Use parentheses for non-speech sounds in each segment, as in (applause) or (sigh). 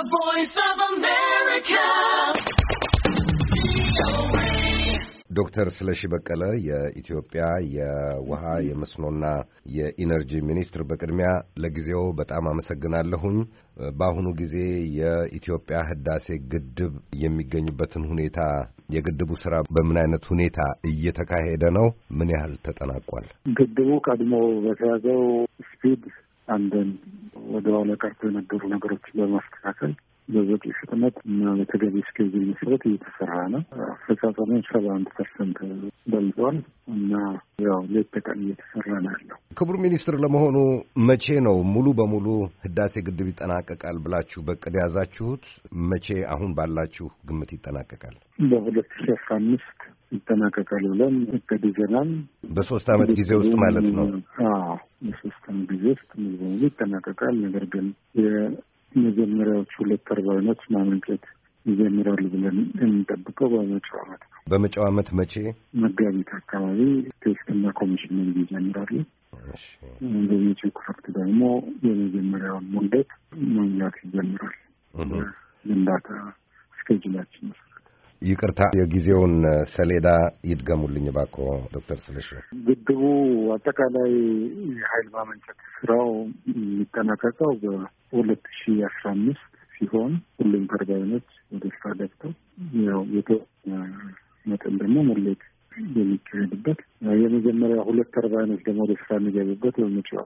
The Voice of America. ዶክተር ስለሺ በቀለ የኢትዮጵያ የውሃ የመስኖና የኢነርጂ ሚኒስትር፣ በቅድሚያ ለጊዜው በጣም አመሰግናለሁኝ። በአሁኑ ጊዜ የኢትዮጵያ ህዳሴ ግድብ የሚገኝበትን ሁኔታ የግድቡ ስራ በምን አይነት ሁኔታ እየተካሄደ ነው? ምን ያህል ተጠናቋል? ግድቡ ቀድሞ በተያዘው ስፒድ አንድን ወደ ኋላ ቀርቶ የነበሩ ነገሮችን በማስተካከል በዘቅሽጥነት እና በተገቢ እስከዚህ መሰረት እየተሰራ ነው። አፈጻጸሙ ሰባ አንድ ፐርሰንት በልጧል እና ያው ሌት ተቀን እየተሰራ ነው ያለው። ክቡር ሚኒስትር፣ ለመሆኑ መቼ ነው ሙሉ በሙሉ ህዳሴ ግድብ ይጠናቀቃል ብላችሁ በቅድ ያዛችሁት? መቼ አሁን ባላችሁ ግምት ይጠናቀቃል? በሁለት ሺ አስራ አምስት ይጠናቀቃል ብለን እቅድ ይዘናል። በሶስት አመት ጊዜ ውስጥ ማለት ነው። በሶስት አመት ጊዜ ውስጥ ሙሉ በሙሉ ይጠናቀቃል። ነገር ግን መጀመሪያዎች ሁለት ተርባይኖች ማመንጨት ይጀምራሉ ብለን የምንጠብቀው በመጪው ዓመት ነው። በመጪው ዓመት መቼ? መጋቢት አካባቢ ቴስትና ኮሚሽንን ይጀምራሉ። በመጪው ክረምት ደግሞ የመጀመሪያውን ሙንደት ማምላት ይጀምራል። ግንባታ ይቅርታ የጊዜውን ሰሌዳ ይድገሙልኝ ባኮ ዶክተር ስለሽ። ግድቡ አጠቃላይ የሀይል ማመንጨት ስራው የሚጠናቀቀው በሁለት ሺ አስራ አምስት ሲሆን ሁሉም ተርባይኖች ወደ ስራ ገብተው ያው መጠን ደግሞ መሌት የሚካሄድበት የመጀመሪያ ሁለት ተርባይኖች ደግሞ ወደ ስራ የሚገቡበት በመጪው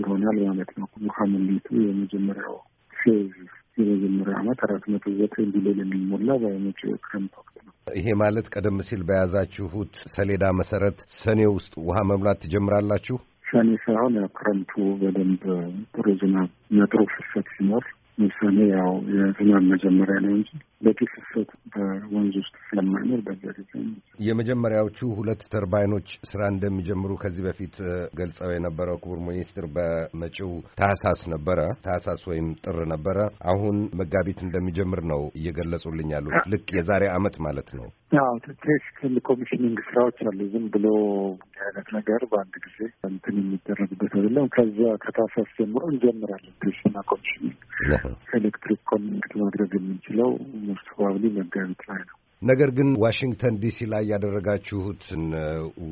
ይሆናል ማለት ነው። ውሃ ሙሌቱ የመጀመሪያው ፌዝ የመጀመሪያ አመት አራት መቶ ዘጠኝ ቢሊዮን የሚሞላ በመጪው ክረምት ወቅት ነው። ይሄ ማለት ቀደም ሲል በያዛችሁት ሰሌዳ መሰረት ሰኔ ውስጥ ውሃ መሙላት ትጀምራላችሁ? ሰኔ ሳይሆን ያው ክረምቱ በደንብ ጥሩ ዝናብ መጥሮ ፍሰት ሲኖር ምሳሌ ያው የዝናብ መጀመሪያ ነው እንጂ በቂ በወንዝ ውስጥ ስለማይኖር በዛ ጊዜ የመጀመሪያዎቹ ሁለት ተርባይኖች ስራ እንደሚጀምሩ ከዚህ በፊት ገልጸው የነበረው ክቡር ሚኒስትር በመጪው ታህሳስ ነበረ ታህሳስ ወይም ጥር ነበረ። አሁን መጋቢት እንደሚጀምር ነው እየገለጹልኝ ያሉት። ልክ የዛሬ አመት ማለት ነው። አዎ ቴክኒካል ኮሚሽኒንግ ስራዎች አሉ። ዝም ብሎ አይነት ነገር በአንድ ጊዜ እንትን የሚደረግበት አይደለም። ከዛ ከታህሳስ ጀምሮ እንጀምራለን ቴክኒካል ኮሚሽኒንግ ኤሌክትሪክ ኮሚኒክት ማድረግ የምንችለው ሞስት ፕሮባብሊ መጋቢት ላይ ነው። ነገር ግን ዋሽንግተን ዲሲ ላይ ያደረጋችሁትን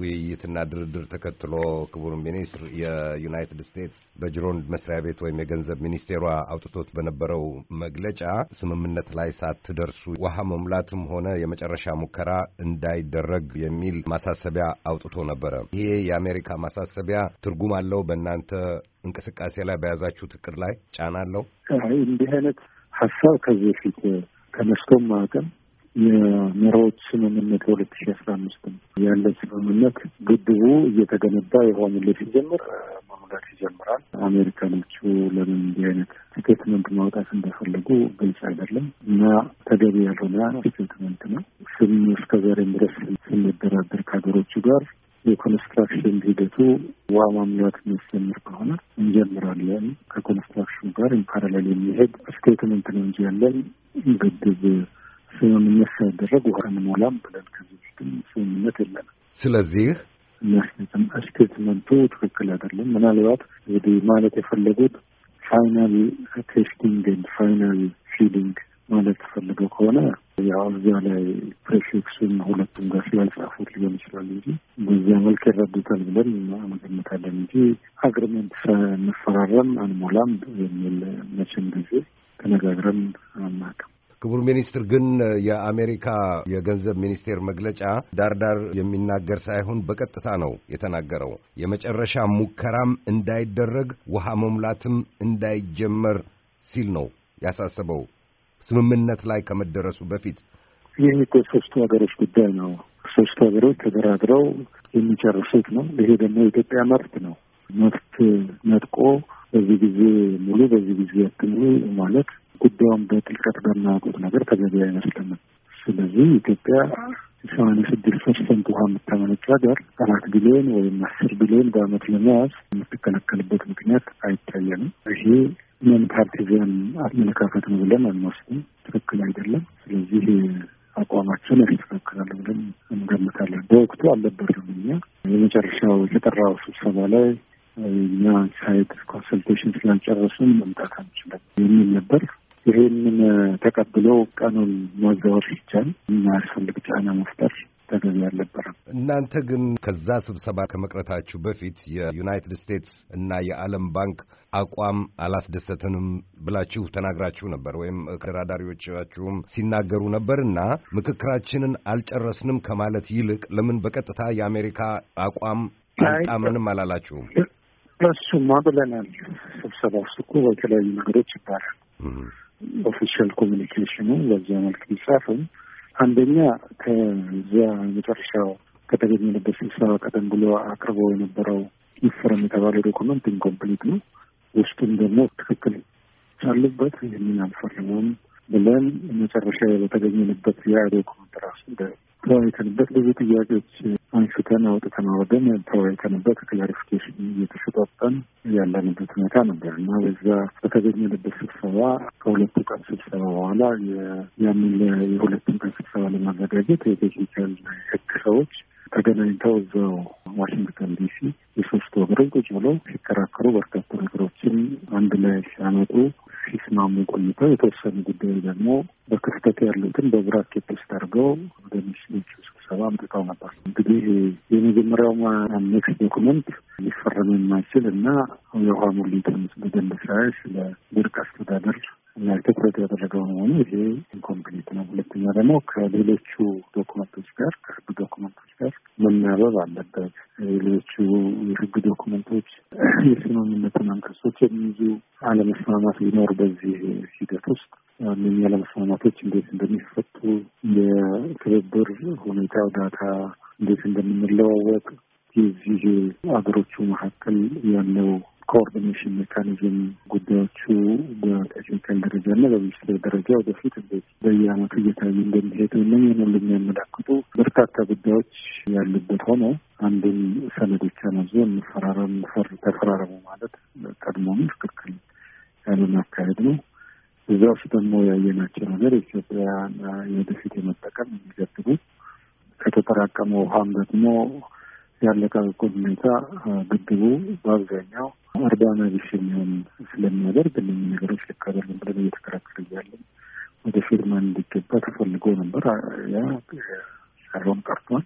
ውይይትና ድርድር ተከትሎ ክቡር ሚኒስትር የዩናይትድ ስቴትስ በጅሮንድ መስሪያ ቤት ወይም የገንዘብ ሚኒስቴሯ አውጥቶት በነበረው መግለጫ ስምምነት ላይ ሳትደርሱ ውሃ መሙላትም ሆነ የመጨረሻ ሙከራ እንዳይደረግ የሚል ማሳሰቢያ አውጥቶ ነበረ። ይሄ የአሜሪካ ማሳሰቢያ ትርጉም አለው? በእናንተ እንቅስቃሴ ላይ በያዛችሁት እቅድ ላይ ጫና አለው? እንዲህ አይነት ሀሳብ ከዚህ በፊት ተነስቶም አቅም የመሪዎች ስምምነት የሁለት ሺ አስራ አምስትም ያለ ስምምነት ግድቡ እየተገነባ የውሃ ሙሌት ሲጀምር መሙላት ይጀምራል። አሜሪካኖቹ ለምን እንዲህ አይነት ስቴትመንት ማውጣት እንደፈለጉ ግልጽ አይደለም እና ተገቢ ያልሆነ ስቴትመንት ነው። ስም እስከ ዛሬም ድረስ ስንደራደር ከሀገሮቹ ጋር የኮንስትራክሽን ሂደቱ ውሃ ማምላት የሚያስጀምር ከሆነ እንጀምራለን። ከኮንስትራክሽን ጋር ኢምፓራላል የሚሄድ ስቴትመንት ነው እንጂ ያለን ግድብ ስምምነት ሳይደረግ ውሃ እንሞላም ብለን ከዚህ ውስጥም ስምምነት የለንም። ስለዚህ ስቴትመንቱ ትክክል አይደለም። ምናልባት እንግዲህ ማለት የፈለጉት ፋይናል ቴስቲንግ ፋይናል ፊሊንግ ማለት ተፈልገው ከሆነ ያው እዚያ ላይ ፕሬፊክሱን ሁለቱም ጋር ሲያልጻፉት ሊሆን ይችላል እንጂ በዚያ መልክ ይረዱታል ብለን መገመታለን እንጂ አግሪመንት ሳንፈራረም አንሞላም የሚል መቼም ጊዜ ተነጋግረን አናውቅም። ክቡር ሚኒስትር ግን የአሜሪካ የገንዘብ ሚኒስቴር መግለጫ ዳርዳር የሚናገር ሳይሆን በቀጥታ ነው የተናገረው። የመጨረሻ ሙከራም እንዳይደረግ ውሃ መሙላትም እንዳይጀመር ሲል ነው ያሳሰበው ስምምነት ላይ ከመደረሱ በፊት ይህ እኮ ሶስቱ ሀገሮች ጉዳይ ነው። ሶስቱ ሀገሮች ተደራድረው የሚጨርሱት ነው። ይሄ ደግሞ የኢትዮጵያ መብት ነው። መብት ነጥቆ በዚህ ጊዜ ሙሉ በዚህ ጊዜ ያትሙ ማለት ጉዳዩን በጥልቀት በማያውቁት ነገር ተገቢ አይመስልም። ስለዚህ ኢትዮጵያ ሰማንያ ስድስት ፐርሰንት ውሃ የምታመነጭ ሀገር አራት ቢሊዮን ወይም አስር ቢሊዮን በአመት ለመያዝ የምትከለከልበት ምክንያት አይታየንም። ይሄ ኖን ፓርቲዚያን አመለካከት ነው ብለን አንወስድም። ትክክል አይደለም። ስለዚህ አቋማችን ያስተካክላል ብለን እንገምታለን። በወቅቱ አልነበርም። እኛ የመጨረሻው የተጠራው ስብሰባ ላይ እኛ ሳይት ኮንሰልቴሽን ስላልጨረስን መምጣት አንችልም የሚል ነበር። ይህንን ተቀብሎ ቀኑን መዘወር ሲቻል የሚያስፈልግ ጫና መፍጠር ተገቢ አልነበረም። እናንተ ግን ከዛ ስብሰባ ከመቅረታችሁ በፊት የዩናይትድ ስቴትስ እና የዓለም ባንክ አቋም አላስደሰተንም ብላችሁ ተናግራችሁ ነበር፣ ወይም ተደራዳሪዎቻችሁም ሲናገሩ ነበር እና ምክክራችንን አልጨረስንም ከማለት ይልቅ ለምን በቀጥታ የአሜሪካ አቋም አልጣመንም አላላችሁም? እሱማ ብለናል። ስብሰባ ውስጥ እኮ በተለያዩ ነገሮች ይባላል ኦፊሻል ኮሚኒኬሽኑ በዚያ መልክ ቢጻፍም አንደኛ ከዚያ መጨረሻው ከተገኘንበት ስብሰባ ቀደም ብሎ አቅርቦ የነበረው ይፈረም የተባለ ዶኩመንት ኢንኮምፕሊት ነው። ውስጡም ደግሞ ትክክል ሳሉበት ይህንን አልፈርምም ብለን መጨረሻ በተገኘንበት የአይ ዶክመንት ራሱ ተወያይተንበት ብዙ ጥያቄዎች አንሹተን አውጥተን አወርደን ተወያይተንበት ክላሪፊኬሽን እየተሰጣጠን ያለንበት ሁኔታ ነበር እና በዛ በተገኘንበት ስብሰባ ከሁለቱ ቀን ስብሰባ በኋላ ያንን የሁለቱን ቀን ስብሰባ ለማዘጋጀት የቴክኒካል ህግ ሰዎች ተገናኝተው እዛው ዋሽንግተን ዲሲ የሶስት ወገሮች ቁጭ ብለው ሲከራከሩ በርካታ ነገሮችን አንድ ላይ ሲያመጡ ሲስማሙ ቆይተው የተወሰኑ ጉዳዮች ደግሞ በክፍተት ያሉትን በብራኬት ውስጥ አድርገው ወደ ሚኒስትሮቹ ስብሰባ አምጥተው ነበር። እንግዲህ የመጀመሪያው ኔክስት ዶክመንት ሊፈረም የማይችል እና የውሃ ሙሊት በደንብ ስለ ድርቅ አስተዳደር ላይ ትኩረት ያደረገው መሆኑ ይሄ ኢንኮምፕሊት ነው። ሁለተኛ ደግሞ ከሌሎቹ ዶክመንቶች ጋር ከህግ ዶክመንቶች ጋር መናበብ አለበት። ሌሎቹ የህግ ዶኩመንቶች (clears throat) የስምምነቱን አንቀጾች የሚይዙ አለመስማማት ሊኖር በዚህ ሂደት ውስጥ እነዚህ አለመስማማቶች እንዴት እንደሚፈቱ የትብብር ሁኔታ ዳታ እንዴት እንደምንለዋወቅ የዚህ አገሮቹ መካከል ያለው ኮኦርዲኔሽን ሜካኒዝም ጉዳዮቹ በቴክኒካል ደረጃ እና በሚኒስትር ደረጃ ወደፊት እንዴት በየአመቱ እየታዩ እንደሚሄዱ እነኝህን ሁሉ የሚያመላክቱ በርካታ ጉዳዮች ያሉበት ሆኖ አንድን ሰነዶች አናዞ እንፈራረም ተፈራረሙ ማለት ቀድሞም ትክክል ያለን አካሄድ ነው። እዛ ውስጥ ደግሞ ያየናቸው ነገር ኢትዮጵያ የወደፊት የመጠቀም የሚገድቡ ከተጠራቀመ ውሃም ደግሞ ያለቀቁ ሁኔታ ግድቡ በአብዛኛው አርባ ናቢሽ የሚሆን ስለሚያደርግ እነዚህ ነገሮች ልክ አይደለም ብለን እየተከራከር እያለን ወደ ፊርማ እንዲገባ ተፈልጎ ነበር። ያ ሳይሆን ቀርቷል።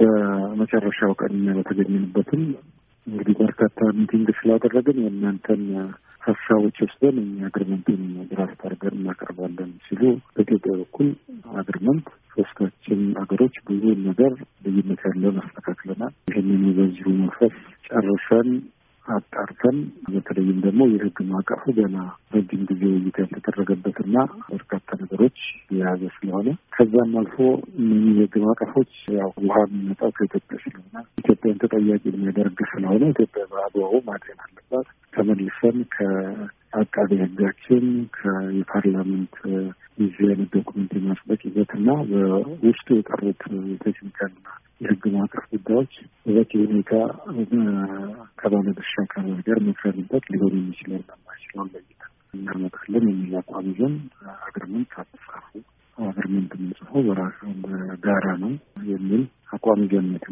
በመጨረሻው ቀንና በተገኘንበትም እንግዲህ በርካታ ሚቲንግ ስላደረግን የእናንተን ሀሳቦች ወስደን እኛ አግሪመንትን ድራፍት አድርገን እናቀርባለን ሲሉ በኢትዮጵያ በኩል አግሪመንት ሶስታችን አገሮች ብዙ ነገር ልዩነት ያለውን አስተካክለናል። ይህንን በዚሁ መንፈስ ጨርሰን አጣርተን በተለይም ደግሞ የህግ ማዕቀፉ ገና ረጅም ጊዜ ውይይት ያልተደረገበትና በርካታ ነገሮች የያዘ ስለሆነ ከዛም አልፎ እነዚህ የህግ ማዕቀፎች ያው ውሃ የሚመጣው ከኢትዮጵያ ስለሆነ ኢትዮጵያን ተጠያቂ የሚያደርግ ስለሆነ ኢትዮጵያ በአግባቡ ማጤን አለባት። ተመልሰን አቃቤ ህጋችን ከየፓርላመንት ይዞ ያለ ዶኩመንት የማስበቅ ይዘት ሂደትና በውስጡ የቀሩት የቴክኒካልና የህግ ማዕቀፍ ጉዳዮች በበቂ ሁኔታ ከባለ ድርሻ አካባቢ ጋር መክረንበት ሊሆን የሚችለን የማይችለውን ለይተ እናመጣለን የሚል አቋም ይዘን አግሪመንት አትጻፉ አግሪመንት የምንጽፈው በጋራ ነው የሚል አቋም ይዘን ነው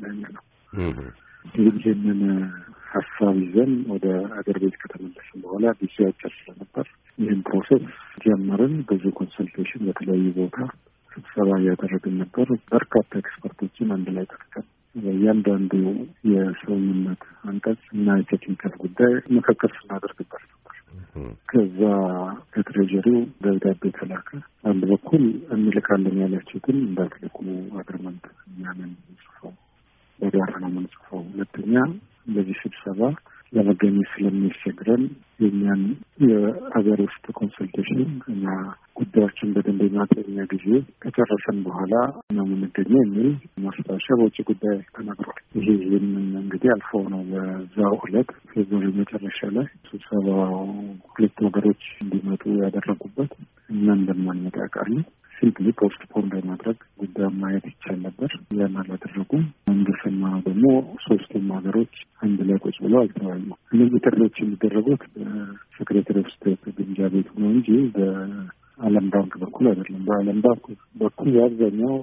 ማለት በሴክሬታሪ ኦፍ ስቴት ግንጃ ቤት ነው እንጂ በዓለም ባንክ በኩል አይደለም። በዓለም ባንክ በኩል የአብዛኛው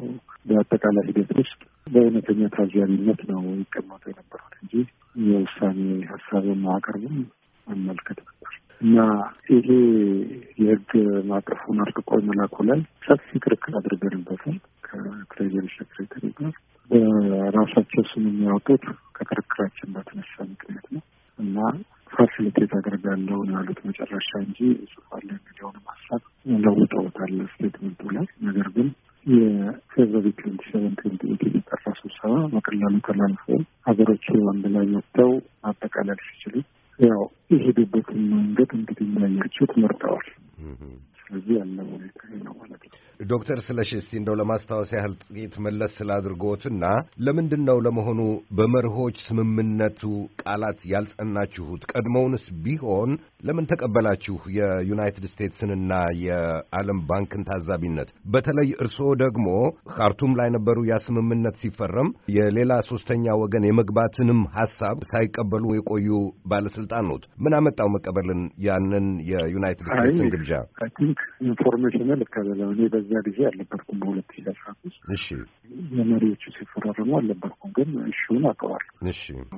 በአጠቃላይ ሂደት ውስጥ በእውነተኛ ታዛቢነት ነው ይቀመጡ የነበሩት እንጂ የውሳኔ ሀሳብን ማቅረብም መመልከት ነበር እና ይሄ የህግ ማዕቀፉን አርቅቆ መላኩ ላይ ሰፊ ክርክር አድርገንበታል ከትሬሪ ሴክሬታሪ ጋር በራሳቸው ስም የሚያወጡት ከክርክራችን በተነሳ ምክንያት ነው እና ፋሲሊቴት አደርጋለሁ ነው ያሉት መጨረሻ እንጂ ጽፋለ የሚለውንም ሀሳብ ለውጠውታል ስቴትመንቱ ላይ ነገር ግን የፌብሪ ትንቲ ሰቨን ትንቲ የጠራ የተጠራ ስብሰባ በቀላሉ ተላልፎ ሀገሮች አንድ ላይ ወጥተው ማጠቃለል ሲችሉ ያው የሄዱበትን መንገድ እንግዲህ የሚያያቸው ትመርጠዋል። ስለዚህ ያለው ዶክተር ስለሺ እስቲ እንደው ለማስታወስ ያህል ጥቂት መለስ ስላድርጎትና ለምንድን ነው ለመሆኑ በመርሆች ስምምነቱ ቃላት ያልጸናችሁት? ቀድሞውንስ ቢሆን ለምን ተቀበላችሁ የዩናይትድ ስቴትስንና የዓለም ባንክን ታዛቢነት? በተለይ እርስዎ ደግሞ ካርቱም ላይ ነበሩ ያ ስምምነት ሲፈረም የሌላ ሶስተኛ ወገን የመግባትንም ሀሳብ ሳይቀበሉ የቆዩ ባለስልጣን ኖት። ምን አመጣው መቀበልን ያንን የዩናይትድ ስቴትስን ግብዣ? ኢንፎርሜሽን ልካበለው እኔ በዚ በዚያ ጊዜ አልነበርኩም። በሁለት ሺ አስራ አምስት የመሪዎቹ ሲፈራረሙ አልነበርኩም፣ ግን እሺውን አውቀዋል።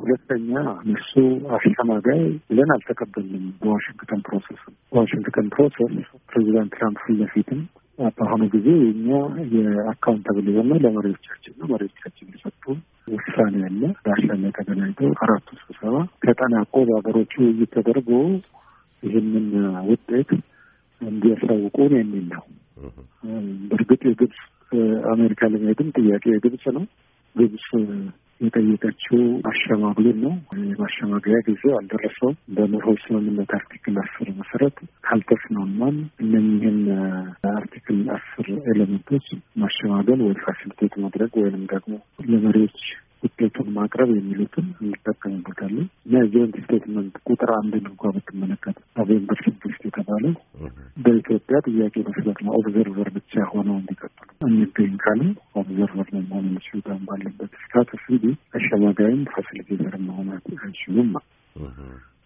ሁለተኛ እሱ አሸማጋይ ብለን አልተቀበልንም። በዋሽንግተን ፕሮሰስ በዋሽንግተን ፕሮሰስ ፕሬዚዳንት ትራምፕ ፊት ለፊትም በአሁኑ ጊዜ የኛ የአካውንታብል የሆነ ለመሪዎቻችን ነው። መሪዎቻችን የሰጡ ውሳኔ ያለ ዳሻና ላይ ተገናኝተው አራቱ ስብሰባ ተጠናቆ በሀገሮቹ ውይይት ተደርጎ ይህንን ውጤት እንዲያሳውቁን የሚል ነው። በእርግጥ የግብፅ አሜሪካ ለመሄድም ጥያቄ የግብፅ ነው። ግብፅ የጠየቀችው ማሸማግሉን ነው። የማሸማገያ ጊዜ አልደረሰውም። በመርሆች ስምምነት አርቲክል አስር መሰረት ካልተስማማን እነኝህን አርቲክል አስር ኤሌመንቶች ማሸማገል ወይ ፋሲሊቴት ማድረግ ወይንም ደግሞ ለመሪዎች ውጤቱን ማቅረብ የሚሉትን እንጠቀምበታለን እና የጆይንት ስቴትመንት ቁጥር አንድ እንኳ ብትመለከት ኖቬምበር ስድስት የተባለው በኢትዮጵያ ጥያቄ መሰረት ነው ኦብዘርቨር ብቻ ሆነው እንዲቀጥሉ እንገኝ ካለ ኦብዘርቨር ነው መሆን ሱዳን ባለበት ስታትስ እንጂ አሸማጋይም ፋሲሊቴተር መሆን አይችሉም።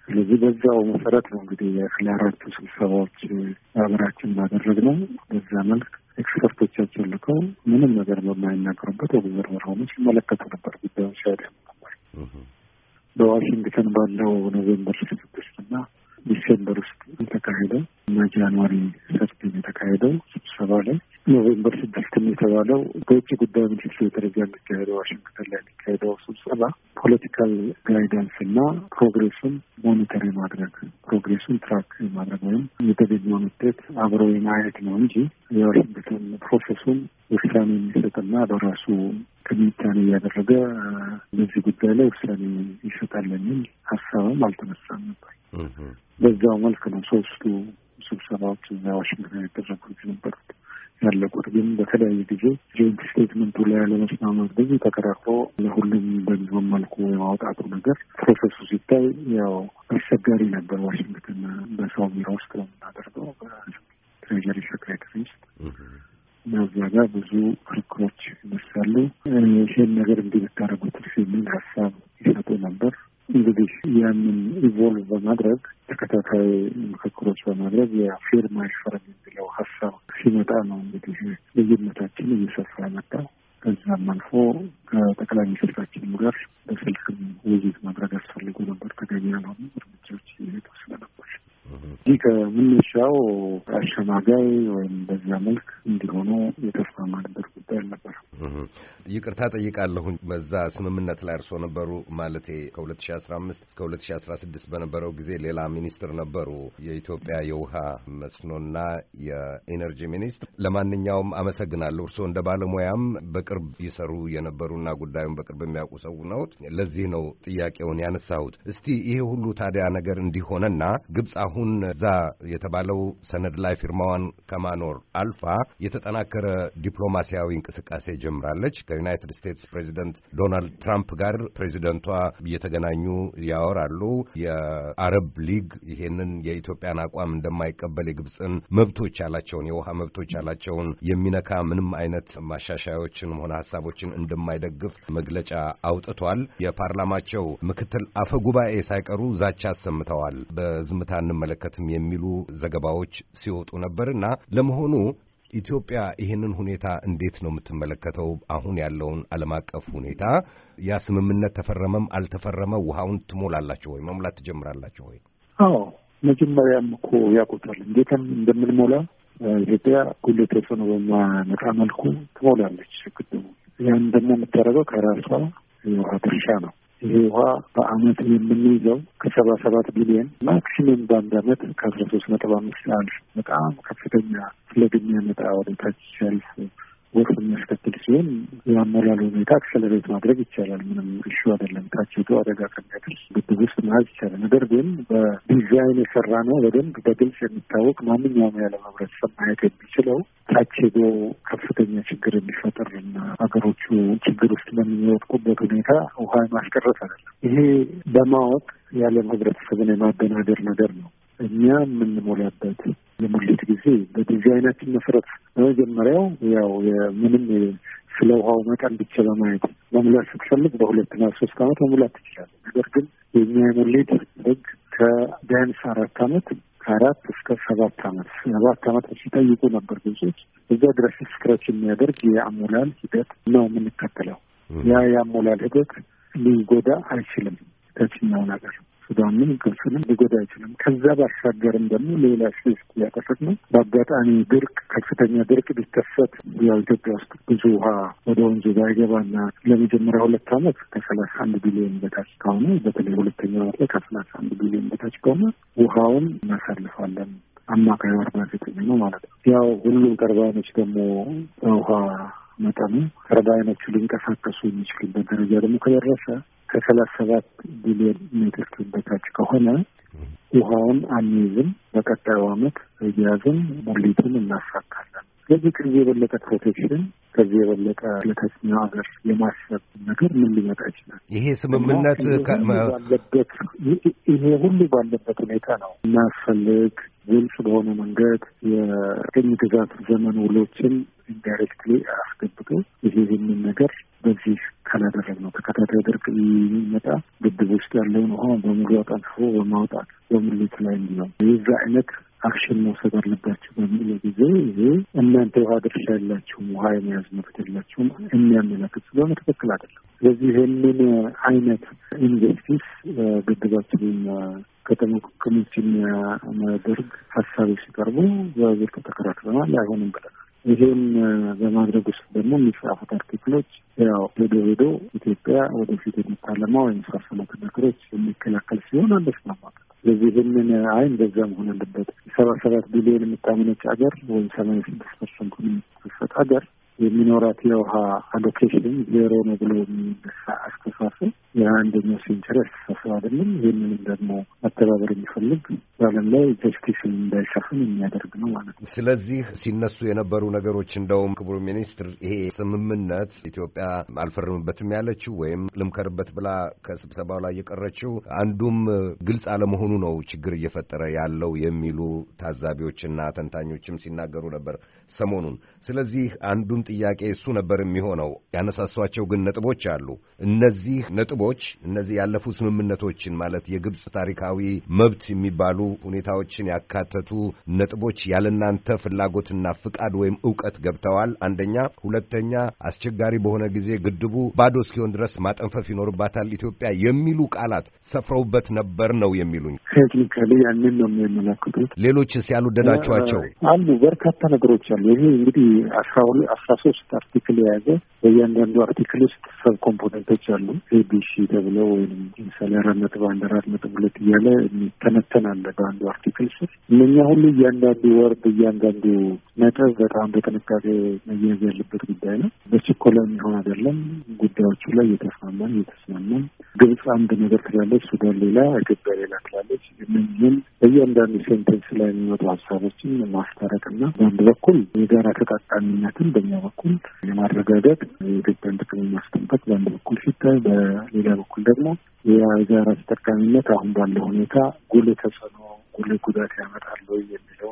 ስለዚህ በዚያው መሰረት ነው እንግዲህ ለአራቱ ስብሰባዎች በሀገራችን ባደረግነው በዛ መልክ ኤክስፐርቶቻቸውን ልከው ምንም ነገር በማይናገሩበት ኦብዘርቨር ሆኖ ሲመለከቱ ነበር። ጉዳዩ ሲያደ በዋሽንግተን ባለው ኖቬምበር ስድስት እና ዲሴምበር ውስጥ የተካሄደው እና ጃንዋሪ ሰርግም የተካሄደው ስብሰባ ላይ ኖቬምበር ስድስትም የተባለው በውጭ ጉዳይ ሚኒስትር ደረጃ የሚካሄደው ዋሽንግተን ላይ የሚካሄደው ስብሰባ ፖለቲካል ጋይዳንስ እና ፕሮግሬሱን ሞኒተር የማድረግ ፕሮግሬሱን ትራክ የማድረግ ወይም የተገኘውን ውጤት አብሮ የማየት ነው እንጂ የዋሽንግተን ፕሮሴሱን ውሳኔ የሚሰጥና በራሱ ከሚታኔ እያደረገ በዚህ ጉዳይ ላይ ውሳኔ ይሰጣል የሚል ሀሳብም አልተነሳም ነበር። በዛው መልክ ነው ሶስቱ ስብሰባዎች እዛ ዋሽንግተን የተደረጉት የነበሩት ያለቁት ግን በተለያየ ጊዜ ጆይንት ስቴትመንቱ ላይ ያለመስማማት ብዙ ተከራክሮ ለሁሉም በሚሆን መልኩ የማውጣቱ ነገር ፕሮሰሱ ሲታይ ያው አስቸጋሪ ነበር። ዋሽንግተን በሰው ቢሮ ውስጥ ነው የምናደርገው፣ ትሬጀሪ ሴክሬታሪ ውስጥ እና ጋር ብዙ ክርክሮች ይመስላሉ። ይህን ነገር እንዲህ ብታደርጉት የሚል ሀሳብ ይሰጡ ነበር። እንግዲህ ያንን ኢቮልቭ በማድረግ ተከታታይ ምክክሮች በማድረግ የፊርማ ይሽፈረን የሚለው ሀሳብ ሲመጣ ነው እንግዲህ ልዩነታችን እየሰፋ መጣ። ከዛም አልፎ ከጠቅላይ ሚኒስትራችንም ጋር በስልክም ውይይት ማድረግ አስፈልጎ ነበር። ተገቢ ያልሆኑ እርምጃዎች የተወሰደ ስለነበር ይህ ከመነሻው አሸማጋይ ወይም በዚያ መልክ እንዲሆኑ የተስማማንበት ጉዳይ አልነበረም። ይቅርታ ጠይቃለሁኝ። በዛ ስምምነት ላይ እርስዎ ነበሩ ማለቴ ከ2015 እስከ 2016 በነበረው ጊዜ ሌላ ሚኒስትር ነበሩ፣ የኢትዮጵያ የውሃ መስኖና የኤነርጂ ሚኒስትር። ለማንኛውም አመሰግናለሁ። እርስዎ እንደ ባለሙያም በቅርብ ይሰሩ የነበሩና ጉዳዩን በቅርብ የሚያውቁ ሰው ነዎት። ለዚህ ነው ጥያቄውን ያነሳሁት። እስቲ ይሄ ሁሉ ታዲያ ነገር እንዲሆነና ግብፅ አሁን እዛ የተባለው ሰነድ ላይ ፊርማዋን ከማኖር አልፋ የተጠናከረ ዲፕሎማሲያዊ እንቅስቃሴ ጀምራለች። ከዩናይትድ ስቴትስ ፕሬዚደንት ዶናልድ ትራምፕ ጋር ፕሬዚደንቷ እየተገናኙ ያወራሉ። የአረብ ሊግ ይሄንን የኢትዮጵያን አቋም እንደማይቀበል የግብፅን መብቶች ያላቸውን የውሃ መብቶች ያላቸውን የሚነካ ምንም አይነት ማሻሻያዎችን ሆነ ሀሳቦችን እንደማይደግፍ መግለጫ አውጥቷል። የፓርላማቸው ምክትል አፈ ጉባኤ ሳይቀሩ ዛቻ አሰምተዋል። በዝምታ እንመለከትም የሚሉ ዘገባዎች ሲወጡ ነበር እና ለመሆኑ ኢትዮጵያ ይህንን ሁኔታ እንዴት ነው የምትመለከተው? አሁን ያለውን ዓለም አቀፍ ሁኔታ ያ ስምምነት ተፈረመም አልተፈረመ ውሃውን ትሞላላችሁ ወይ? መሙላት ትጀምራላችሁ ወይ? አዎ መጀመሪያም እኮ ያውቁታል እንዴትም እንደምንሞላ ኢትዮጵያ ጉልት ተጽዕኖ በማመጣ መልኩ ትሞላለች ግድቡ። ያን ደግሞ የምታደርገው ከራሷ የውሃ ድርሻ ነው። ይህ ውሃ በአመት የምንይዘው ከሰባ ሰባት ቢሊየን ማክሲመም በአንድ አመት ከአስራ ሶስት ነጥብ አምስት አንድ በጣም ከፍተኛ ስለግኛ መጣ ወደ ታች ያልፍ ወፍ የሚያስከትል ሲሆን የአመላሉ ሁኔታ አክሰለሬት ማድረግ ይቻላል። ምንም እሹ አይደለም። ታችቶ አደጋ ከሚያደርስ ግድብ ውስጥ መያዝ ይቻላል። ነገር ግን በዲዛይን የሰራ ነው በደንብ በግልጽ የሚታወቅ ማንኛውም የዓለም ህብረተሰብ ማየት የሚችለው ታችቶ ከፍተኛ ችግር የሚፈጥር እና ሀገሮቹ ችግር ውስጥ በሚወጥቁበት ሁኔታ ውሃ ማስቀረት አይደለም። ይሄ በማወቅ የዓለም ህብረተሰብን የማደናገር ነገር ነው። እኛ የምንሞላበት የሙሌት ጊዜ በዲዛይናችን መሰረት በመጀመሪያው ያው ምንም ስለ ውሃው መጠን ብቻ በማየት መሙላት ስትፈልግ በሁለትና ሶስት አመት መሙላት ትችላለ። ነገር ግን የእኛ የሙሌት ህግ ከቢያንስ አራት አመት ከአራት እስከ ሰባት አመት ሰባት አመት ሲጠይቁ ነበር ብዙዎች። እዛ ድረስ ስክራች የሚያደርግ የአሞላል ሂደት ነው የምንከተለው። ያ የአሞላል ሂደት ሊጎዳ አይችልም። ታችኛውን ነገር ሱዳንም ግብፅንም ሊጎዳ አይችልም። ከዛ ባሻገርም ደግሞ ሌላ ሺፍት ያጠፈት ነው። በአጋጣሚ ድርቅ ከፍተኛ ድርቅ ቢከሰት ያው ኢትዮጵያ ውስጥ ብዙ ውሃ ወደ ወንዙ ባይገባና ለመጀመሪያ ሁለት አመት ከሰላሳ አንድ ቢሊዮን በታች ከሆነ በተለይ ሁለተኛ ወር ላይ ከሰላሳ አንድ ቢሊዮን በታች ከሆነ ውሃውን እናሳልፋለን። አማካይ ወርዳ ዘጠኝ ነው ማለት ነው። ያው ሁሉም ተርባይኖች ደግሞ ውሃ መጠኑ ተርባይኖቹ ሊንቀሳቀሱ የሚችሉበት ደረጃ ደግሞ ከደረሰ ከሰላሳ ሰባት ቢሊዮን ሜትር ኪዩብ በታች ከሆነ ውሃውን አንይዝም። በቀጣዩ አመት እያዝን ሙሊቱን እናሳካለን። ስለዚህ ከዚህ የበለጠ ፕሮቴክሽን ከዚህ የበለጠ ለተኛው ሀገር የማሰብ ነገር ምን ሊመጣ ይችላል? ይሄ ስምምነት ባለበት ይሄ ሁሉ ባለበት ሁኔታ ነው የሚያስፈልግ ግልጽ በሆነ መንገድ የቅኝ ግዛት ዘመን ውሎችን ኢንዳይሬክትሊ አስገብቶ ይሄ ይህንን ነገር በዚህ ካላደረግ ነው ተከታታይ ድርቅ የሚመጣ ግድብ ውስጥ ያለውን ውሃ በሙሉ አጣጥፎ በማውጣት በሙሌት ላይ ነው የዛ አይነት አክሽን መውሰድ አለባቸው በሚለ ጊዜ ይሄ እናንተ ውሃ ድርሻ ያላችሁም ውሃ የመያዝ መብት የላችሁም የሚያመለክት ስለሆነ ትክክል አይደለም። ስለዚህ ይህንን አይነት ኢንቨስቲስ ግድባችንን ከተመክክሞችን የሚያደርግ ሀሳቦች ሲቀርቡ በዝርቅ ተከራክረናል፣ አይሆንም ብለናል። ይህን በማድረግ ውስጥ ደግሞ የሚጻፉት አርቲክሎች ያው ሄዶ ሄዶ ኢትዮጵያ ወደፊት የምታለማው የመሳሰሉትን ነገሮች የሚከላከል ሲሆን አለች አንደስማማት። ስለዚህ ይህንን አይን እንደዛ መሆን አለበት። ሰባ ሰባት ቢሊዮን የምታመነጭ ሀገር ወይም ሰማንያ ስድስት ፐርሰንቱን የምትሰጥ ሀገር የሚኖራት የውሃ አሎኬሽን ዜሮ ነው ብሎ የሚነሳ አስተሳሰብ የአንደኛው ሴንቸሪ አስተሳሰብ አይደለም። ይህንንም ደግሞ መተባበር የሚፈልግ በዓለም ላይ ጀስቲስን እንዳይሻፍን የሚያደርግ ነው ማለት ነው። ስለዚህ ሲነሱ የነበሩ ነገሮች እንደውም ክቡር ሚኒስትር፣ ይሄ ስምምነት ኢትዮጵያ አልፈርምበትም ያለችው ወይም ልምከርበት ብላ ከስብሰባው ላይ የቀረችው አንዱም ግልጽ አለመሆኑ ነው ችግር እየፈጠረ ያለው የሚሉ ታዛቢዎችና ተንታኞችም ሲናገሩ ነበር ሰሞኑን። ስለዚህ አንዱም ጥያቄ እሱ ነበር የሚሆነው። ያነሳሷቸው ግን ነጥቦች አሉ። እነዚህ ነጥቦ ግድቦች እነዚህ ያለፉ ስምምነቶችን ማለት የግብፅ ታሪካዊ መብት የሚባሉ ሁኔታዎችን ያካተቱ ነጥቦች ያለናንተ ፍላጎትና ፍቃድ ወይም እውቀት ገብተዋል። አንደኛ። ሁለተኛ አስቸጋሪ በሆነ ጊዜ ግድቡ ባዶ እስኪሆን ድረስ ማጠንፈፍ ይኖርባታል ኢትዮጵያ የሚሉ ቃላት ሰፍረውበት ነበር ነው የሚሉኝ። ቴክኒካሊ ያንን ነው የሚያመላክቱት። ሌሎችስ ያልወደዳችኋቸው አሉ? በርካታ ነገሮች አሉ። ይሄ እንግዲህ አስራ ሁለት አስራ ሶስት አርቲክል የያዘ በእያንዳንዱ አርቲክል ውስጥ ሰብ ኮምፖነንቶች አሉ። ቢ ሺህ ተብለው ወይም ለምሳሌ አራት ነጥብ አንድ አራት ነጥብ ሁለት እያለ ተነተናለ በአንዱ አርቲክል ስር እነኛ ሁሉ እያንዳንዱ ወርድ እያንዳንዱ ነጥብ በጣም በጥንቃቄ መያዝ ያለበት ጉዳይ ነው። በችኮላ የሚሆን አይደለም። ጉዳዮቹ ላይ እየተስማማን እየተስማማን ግብጽ አንድ ነገር ትላለች፣ ሱዳን ሌላ፣ ኢትዮጵያ ሌላ ትላለች። እነዚህም በእያንዳንዱ ሴንተንስ ላይ የሚመጡ ሀሳቦችን ማስታረቅና በአንድ በኩል የጋራ ተጠቃሚነትን በኛ በኩል የማረጋገጥ የኢትዮጵያን ጥቅም ማስጠንቀቅ በአንድ በኩል ሲታይ፣ በሌላ በኩል ደግሞ የጋራ ተጠቃሚነት አሁን ባለው ሁኔታ ጉልህ ተጽዕኖ ጉልህ ጉዳት ያመጣል ወይ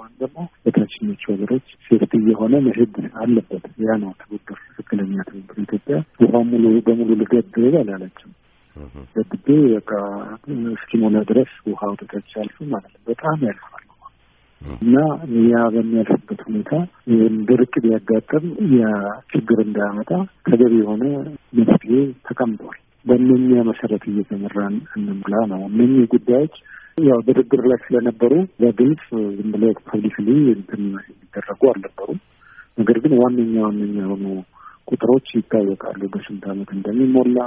አሁን ደግሞ በታችኞቹ ሀገሮች ሴፍቲ የሆነ መሄድ አለበት። ያ ነው ትብብር፣ ትክክለኛ ትብብር። ኢትዮጵያ ውሃ ሙሉ በሙሉ ልገድብ አላለችም። ገድቤ በቃ እስኪሞላ ድረስ ውሃ ወደታች ያልፍ ማለት በጣም ያልፋል እና ያ በሚያልፍበት ሁኔታ ድርቅ ቢያጋጥም ያ ችግር እንዳያመጣ ተገቢ የሆነ መፍትሄ ተቀምጧል። በእነኛ መሰረት እየተመራን እንምላ ነው እነኚህ ጉዳዮች ያው በድርድር ላይ ስለነበሩ በግልጽ ዝም ብሎ ፐብሊክሊ እንትን የሚደረጉ አልነበሩም። ነገር ግን ዋነኛ ዋነኛ የሆኑ ቁጥሮች ይታወቃሉ። በስንት ዓመት እንደሚሞላ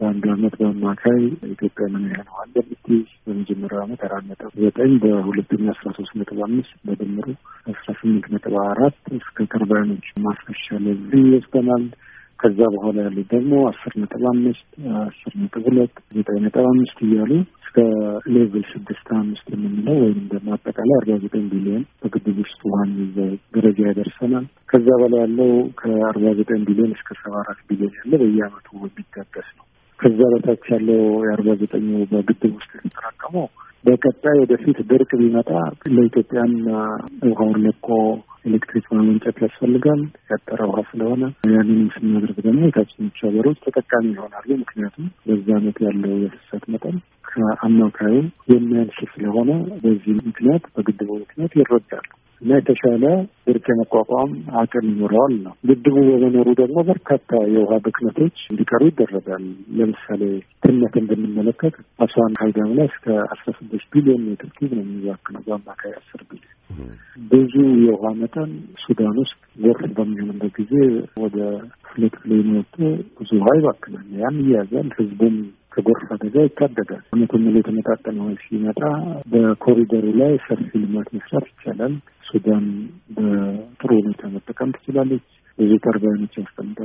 በአንድ ዓመት በአማካይ ኢትዮጵያ ምን ያህል ውሃ እንደምትይዝ በመጀመሪያው ዓመት አራት ነጥብ ዘጠኝ በሁለተኛ አስራ ሶስት ነጥብ አምስት በድምሩ አስራ ስምንት ነጥብ አራት እስከ ተርባይኖች ማስፈሻ ለዚህ ይወስደናል። ከዛ በኋላ ያሉት ደግሞ አስር ነጥብ አምስት አስር ነጥብ ሁለት ዘጠኝ ነጥብ አምስት እያሉ እስከ ሌቭል ስድስት አምስት የምንለው ወይም ደግሞ አጠቃላይ አርባ ዘጠኝ ቢሊዮን በግድብ ውስጥ ውሃን ይዘ ደረጃ ያደርሰናል። ከዛ በላይ ያለው ከአርባ ዘጠኝ ቢሊዮን እስከ ሰባ አራት ቢሊዮን ያለ በየአመቱ የሚጋገስ ነው። ከዛ በታች ያለው የአርባ ዘጠኙ በግድብ ውስጥ የተጠራቀመው በቀጣይ ወደፊት ድርቅ ቢመጣ ለኢትዮጵያም ውሃውን ለቆ ኤሌክትሪክ ማመንጨት ያስፈልጋል። ያጠረ ውሃ ስለሆነ ያንንም ስናደርግ ደግሞ የታችኞቹ ሀገሮች ተጠቃሚ ይሆናሉ። ምክንያቱም በዛ አመት ያለው የፍሰት መጠን ከአማካዩ የሚያንስ ስለሆነ በዚህ ምክንያት በግድቡ ምክንያት ይረዳል እና የተሻለ ድርቅ መቋቋም አቅም ይኖረዋል ነው። ግድቡ በመኖሩ ደግሞ በርካታ የውሃ ብክነቶች እንዲቀሩ ይደረጋል። ለምሳሌ ትነትን ብንመለከት አስራ አንድ ሀይዳም ላይ እስከ አስራ ስድስት ቢሊዮን ሜትር ኪዩብ ነው የሚባክነው በአማካይ አስር ቢሊዮን ብዙ የውሃ መጠን ሱዳን ውስጥ ጎርፍ በሚሆንበት ጊዜ ወደ ፍለት ላይ የሚወጡ ብዙ ውሃ ይባክናል። ያም እያያዛል ህዝቡም ከጎርፍ አደጋ ይታደጋል። መቶ ሚሊ የተመጣጠነ ውሃ ሲመጣ በኮሪደሩ ላይ ሰፊ ልማት መስራት ይቻላል። ሱዳን በጥሩ ሁኔታ መጠቀም ትችላለች። ብዙ ተርባይኖች ያስቀምጣ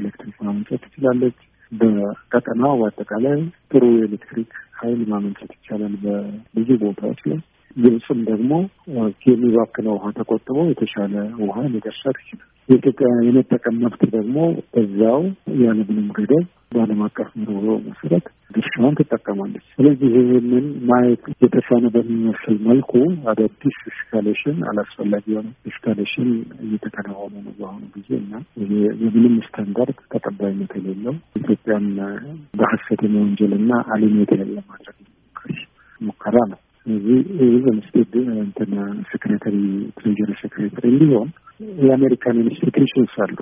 ኤሌክትሪክ ማመንጨት ትችላለች። በቀጠናው በአጠቃላይ ጥሩ የኤሌክትሪክ ኃይል ማመንጨት ይቻላል በብዙ ቦታዎች ላይ። ግብፅም ደግሞ የሚባክነው ውሃ ተቆጥቦ የተሻለ ውሃ ሊደርሳት ይችላል። የኢትዮጵያ የመጠቀም መብት ደግሞ በዛው ያለምንም ገደብ በዓለም አቀፍ ኑሮ መሰረት ድርሻዋን ትጠቀማለች። ስለዚህ ይህንን ማየት የተሻለ በሚመስል መልኩ አዳዲስ ስካሌሽን አላስፈላጊ የሆነ ስካሌሽን እየተከናወነ ነው በአሁኑ ጊዜ እና የምንም ስታንዳርድ ተቀባይነት የሌለው ኢትዮጵያን በሀሰት የመወንጀል የመወንጀልና አሊሜት የሌለ ማድረግ ሙከራ ነው። ስለዚህ ይህ በምስቴድ እንትን ሴክሬታሪ ትሬጀሪ ሴክሬታሪ እንዲሆን የአሜሪካን ኢንስቲቱሽንስ አሉ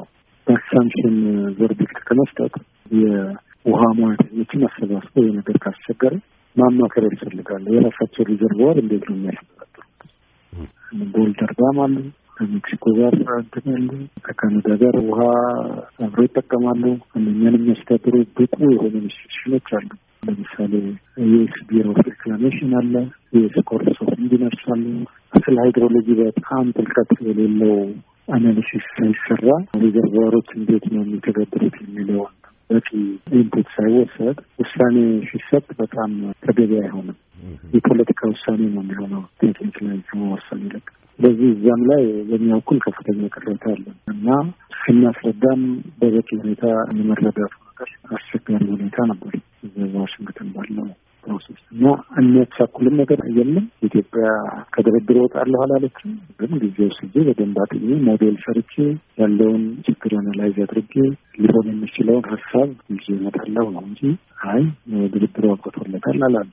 በሳምሽን ቨርዲክት ከመስጠት የውሃ ሙያተኞችን አሰባስበው የነገር ካስቸገረ ማማከር ያስፈልጋል። የራሳቸው ሪዘርቫር እንዴት ነው የሚያስተዳድሩት? ቦልደር ዳም አሉ፣ ከሜክሲኮ ጋር እንትን ያሉ፣ ከካናዳ ጋር ውሃ አብረው ይጠቀማሉ። እነኛን የሚያስተዳድሩ ብቁ የሆነ ኢንስቲትዩሽኖች አሉ። ለምሳሌ የዩኤስ ቢሮ ኦፍ ሪክላሜሽን አለ፣ የዩኤስ ኮርስ ኦፍ ኢንጂነርስ አሉ። ስለ ሃይድሮሎጂ በጣም ጥልቀት የሌለው አናሊሲስ ሳይሰራ ሪዘርቫሮች እንዴት ነው የሚተገብሩት የሚለውን በቂ ኢንፑት ሳይወሰድ ውሳኔ ሲሰጥ በጣም ተገቢ አይሆንም። የፖለቲካ ውሳኔ ነው የሚሆነው ቴክኒክ ላይ ከመወሰን ይልቅ። ስለዚህ እዚያም ላይ በእኛ በኩል ከፍተኛ ቅሬታ አለን እና ስናስረዳም በበቂ ሁኔታ የመረዳቱ ነገር አስቸጋሪ ሁኔታ ነበር ዋሽንግተን ባለው ነው እና የሚያቻኩልም ነገር የለም። ኢትዮጵያ ከድርድር እወጣለሁ አላለችም። ግን ጊዜው ስዬ በደንብ አጥኜ ሞዴል ሰርቼ ያለውን ችግር አናላይዝ አድርጌ ሊሆን የሚችለውን ሀሳብ ይዤ እመጣለሁ ነው እንጂ አይ ድርድሩ አብቅቶለታል አላሉ።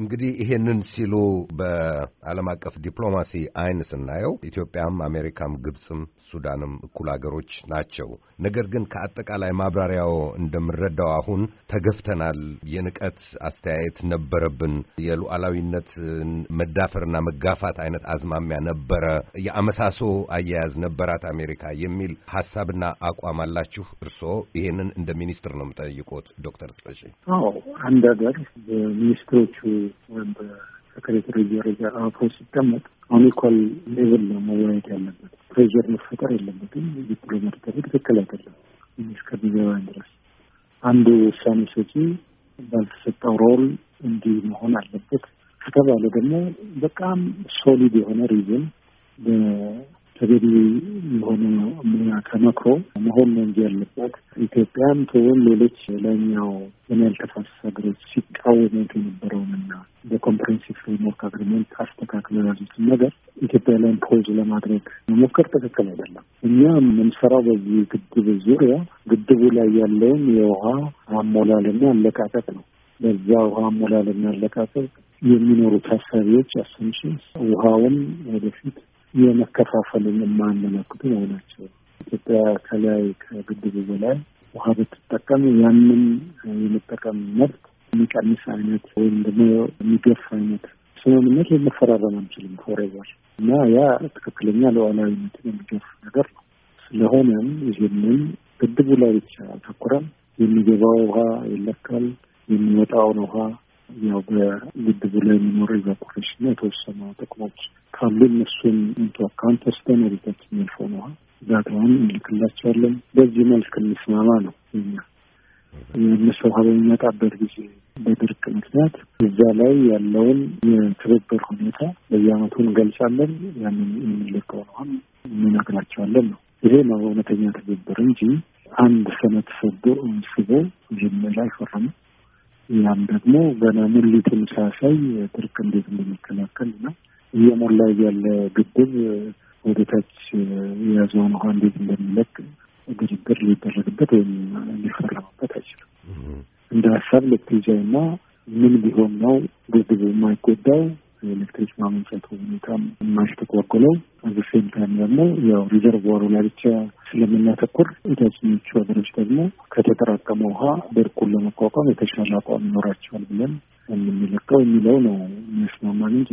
እንግዲህ ይሄንን ሲሉ በዓለም አቀፍ ዲፕሎማሲ አይን ስናየው ኢትዮጵያም፣ አሜሪካም፣ ግብፅም ሱዳንም እኩል ሀገሮች ናቸው። ነገር ግን ከአጠቃላይ ማብራሪያው እንደምረዳው አሁን ተገፍተናል፣ የንቀት አስተያየት ነበረብን፣ የሉዓላዊነት መዳፈርና መጋፋት አይነት አዝማሚያ ነበረ፣ የአመሳሶ አያያዝ ነበራት አሜሪካ የሚል ሀሳብና አቋም አላችሁ እርስዎ? ይሄንን እንደ ሚኒስትር ነው የምጠይቆት ዶክተር የምትሰጪኝ? አዎ አንድ ሀገር በሚኒስትሮቹ ወይም በሰክሬታሪ ደረጃ አፎ ሲቀመጥ አሁን ኢኳል ሌቭል ነው መወያየት ያለበት። ፕሬር መፈጠር የለበትም። ዲፕሎማት ደግሞ ትክክል አይደለም። እስከሚገባኝ ድረስ አንዱ ውሳኔ ሰጪ ባልተሰጠው ሮል እንዲህ መሆን አለበት ከተባለ ደግሞ በጣም ሶሊድ የሆነ ሪዝን ተገቢ የሆነ ሙያ ከመክሮ መሆን ነው እንጂ ያለበት ኢትዮጵያም ትውን ሌሎች ለኛው ምን ያልተፋሰስ ሀገሮች ሲቃወሙት የነበረውንና በኮምፕሬንሲቭ ፍሬምወርክ አግሪመንት አስተካክለው የያዙትን ነገር ኢትዮጵያ ላይም ፖዝ ለማድረግ መሞከር ትክክል አይደለም። እኛ የምንሰራው በዚህ ግድብ ዙሪያ ግድቡ ላይ ያለውን የውሃ አሞላልና አለቃቀቅ ነው። በዛ ውሃ አሞላልና አለቃቀቅ የሚኖሩ ታሳቢዎች አሰምሽንስ ውሃውን ወደፊት የመከፋፈልን የማያመለክቱ መሆናቸው ኢትዮጵያ ከላይ ከግድቡ በላይ ውሃ ብትጠቀም ያንን የመጠቀም መብት የሚቀንስ አይነት ወይም ደግሞ የሚገፍ አይነት ስምምነት ልንፈራረም አንችልም ፎሬቨር እና ያ ትክክለኛ ሉዓላዊነትን የሚገፍ ነገር ነው። ስለሆነም ይህንን ግድቡ ላይ ብቻ አተኩረን የሚገባው ውሃ ይለካል፣ የሚወጣውን ውሃ ያው በግድቡ ላይ የሚኖረው ኢቫፖሬሽንና የተወሰኑ ጥቅሞች ካሉ እነሱን እንቱ አካውንት ወስደን ሪፖርት የሚልፎን ውሃ ዳታውን እንልክላቸዋለን። በዚህ መልክ እንስማማ ነው እኛ የእነሱ ውሃ በሚመጣበት ጊዜ በድርቅ ምክንያት እዛ ላይ ያለውን የትብብር ሁኔታ በየአመቱ እንገልጻለን። ያንን የምንለቀውን ውሃ እንነግራቸዋለን ነው። ይሄ ነው እውነተኛ ትብብር እንጂ አንድ ሰነድ ሰዶ ስቦ ጅሜ ላይ ያም ደግሞ ገና ሙሊቱን ሳያሳይ ድርቅ እንዴት እንደሚከላከል እና እየሞላ ያለ ግድብ ወደ ታች የያዘውን ውሃ እንዴት እንደሚለቅ ድርድር ሊደረግበት ወይም ሊፈረምበት አይችልም። እንደ ሀሳብ ልትይዛይና ምን ቢሆን ነው ግድቡ የማይጎዳው የኤሌክትሪክ ማመንጨቱ ሁኔታም የማይስተጓጎለው በሴም ታይም ደግሞ ያው ሪዘርቮሩ ላይ ብቻ ስለምናተኩር የታችኞቹ ሀገሮች ደግሞ ከተጠራቀመ ውሃ ድርቁን ለመቋቋም የተሻለ አቋም ይኖራቸዋል ብለን የምንለቀው የሚለው ነው የሚያስማማን እንጂ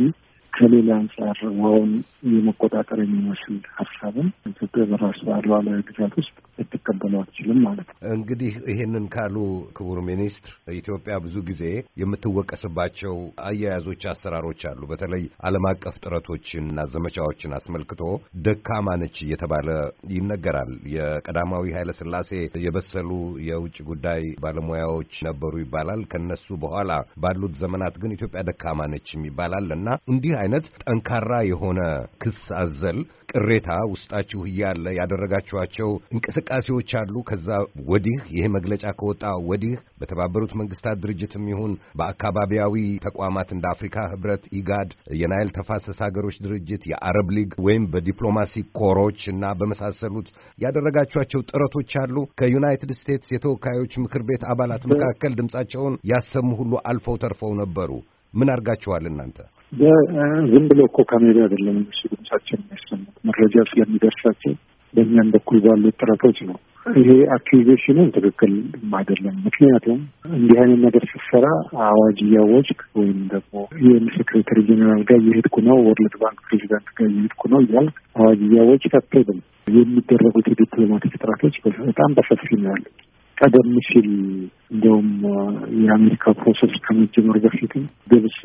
ከሌላ አንጻር ውሃውን የመቆጣጠር የሚመስል ሀሳብን ኢትዮጵያ በራሷ ሉዓላዊ ግዛት ውስጥ ልትቀበለው አትችልም ማለት ነው። እንግዲህ ይሄንን ካሉ ክቡር ሚኒስትር፣ ኢትዮጵያ ብዙ ጊዜ የምትወቀስባቸው አያያዞች፣ አሰራሮች አሉ። በተለይ ዓለም አቀፍ ጥረቶችንና ዘመቻዎችን አስመልክቶ ደካማ ነች እየተባለ ይነገራል። የቀዳማዊ ኃይለ ሥላሴ የበሰሉ የውጭ ጉዳይ ባለሙያዎች ነበሩ ይባላል። ከነሱ በኋላ ባሉት ዘመናት ግን ኢትዮጵያ ደካማ ነች ይባላል እና እንዲህ አይነት ጠንካራ የሆነ ክስ አዘል ቅሬታ ውስጣችሁ እያለ ያደረጋችኋቸው እንቅስቃሴዎች አሉ? ከዛ ወዲህ ይሄ መግለጫ ከወጣ ወዲህ በተባበሩት መንግስታት ድርጅትም ይሁን በአካባቢያዊ ተቋማት እንደ አፍሪካ ህብረት፣ ኢጋድ፣ የናይል ተፋሰስ ሀገሮች ድርጅት፣ የአረብ ሊግ ወይም በዲፕሎማሲ ኮሮች እና በመሳሰሉት ያደረጋችኋቸው ጥረቶች አሉ? ከዩናይትድ ስቴትስ የተወካዮች ምክር ቤት አባላት መካከል ድምጻቸውን ያሰሙ ሁሉ አልፈው ተርፈው ነበሩ። ምን አድርጋችኋል እናንተ? በዝም ብሎ እኮ ከሜዳ አይደለም እነሱ ድምጻችን የሚያሰሙት መረጃ ስለሚደርሳቸው በእኛም በኩል ባሉት ጥረቶች ነው። ይሄ አኪዜሽኑ ትክክል አይደለም። ምክንያቱም እንዲህ አይነት ነገር ስትሰራ አዋጅ እያወጅክ ወይም ደግሞ ይህን ሴክሬታሪ ጀኔራል ጋር እየሄድኩ ነው፣ ወርልድ ባንክ ፕሬዚዳንት ጋር እየሄድኩ ነው እያልክ አዋጅ እያወጅክ አትሄድም። የሚደረጉት የዲፕሎማቲክ ጥረቶች በጣም በሰፊ ነው ያሉት። ቀደም ሲል እንዲሁም የአሜሪካ ፕሮሰስ ከመጀመር በፊትም ግብጽ